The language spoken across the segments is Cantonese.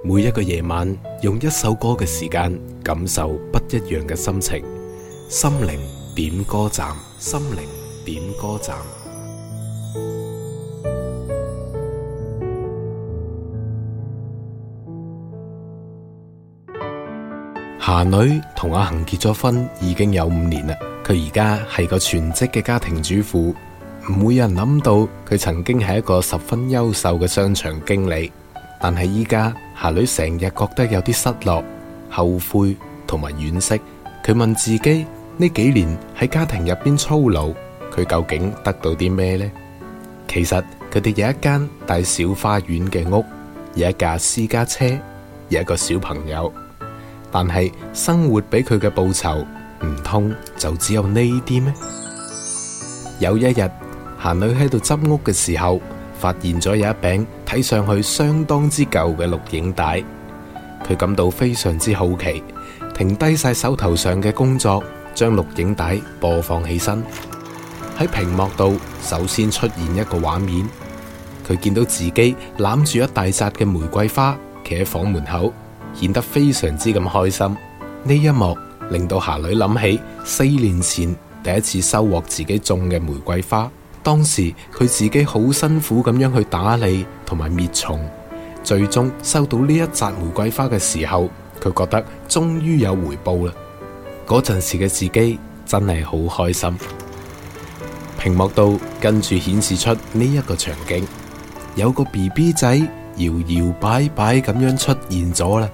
每一個夜晚，用一首歌嘅時間，感受不一樣嘅心情。心靈點歌站，心靈點歌站。霞女同阿恒結咗婚已經有五年啦。佢而家係個全職嘅家庭主婦，唔會有人諗到佢曾經係一個十分優秀嘅商場經理，但係依家。霞女成日覺得有啲失落、後悔同埋惋惜。佢問自己：「呢幾年喺家庭入邊操勞，佢究竟得到啲咩呢？」其實佢哋有一間帶小花園嘅屋，有一架私家車，有一個小朋友。但係生活俾佢嘅報酬唔通就只有呢啲咩？有一日，霞女喺度執屋嘅時候，發現咗有一餅睇上去相當之舊嘅錄影帶，佢感到非常之好奇，停低晒手頭上嘅工作，將錄影帶播放起身。喺屏幕度，首先出現一個畫面，佢見到自己攬住一大扎嘅玫瑰花，企喺房門口，顯得非常之咁開心。呢一幕令到霞女諗起四年前第一次收穫自己種嘅玫瑰花。當時佢自己好辛苦咁樣去打理同埋滅蟲，最終收到呢一扎玫瑰花嘅時候，佢覺得終於有回報啦。嗰陣時嘅自己真係好開心。屏幕度跟住顯示出呢一個場景，有個 BB 仔搖搖擺擺咁樣出現咗啦。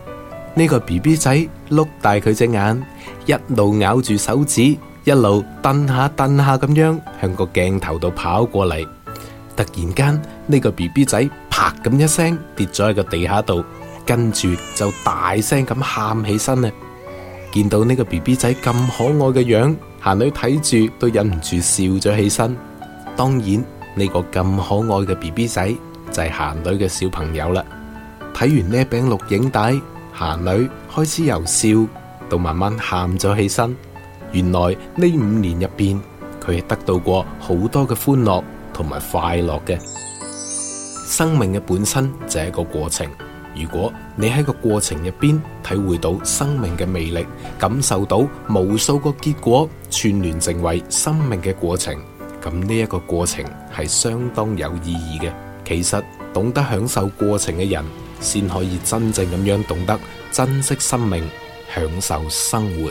呢個 BB 仔碌大佢隻眼，一路咬住手指。一路蹬下蹬下咁樣向個鏡頭度跑過嚟，突然間呢個 B B 仔啪咁一聲跌咗喺個地下度，跟住就大聲咁喊起身啦！見到呢個 B B 仔咁可愛嘅樣，霞女睇住都忍唔住笑咗起身。當然呢個咁可愛嘅 B B 仔就係霞女嘅小朋友啦。睇完呢一餅錄影帶，霞女開始由笑到慢慢喊咗起身。原來呢五年入邊，佢係得到過好多嘅歡樂同埋快樂嘅。生命嘅本身就係個過程。如果你喺個過程入邊體會到生命嘅魅力，感受到無數個結果串聯成為生命嘅過程，咁呢一個過程係相當有意義嘅。其實懂得享受過程嘅人，先可以真正咁樣懂得珍惜生命，享受生活。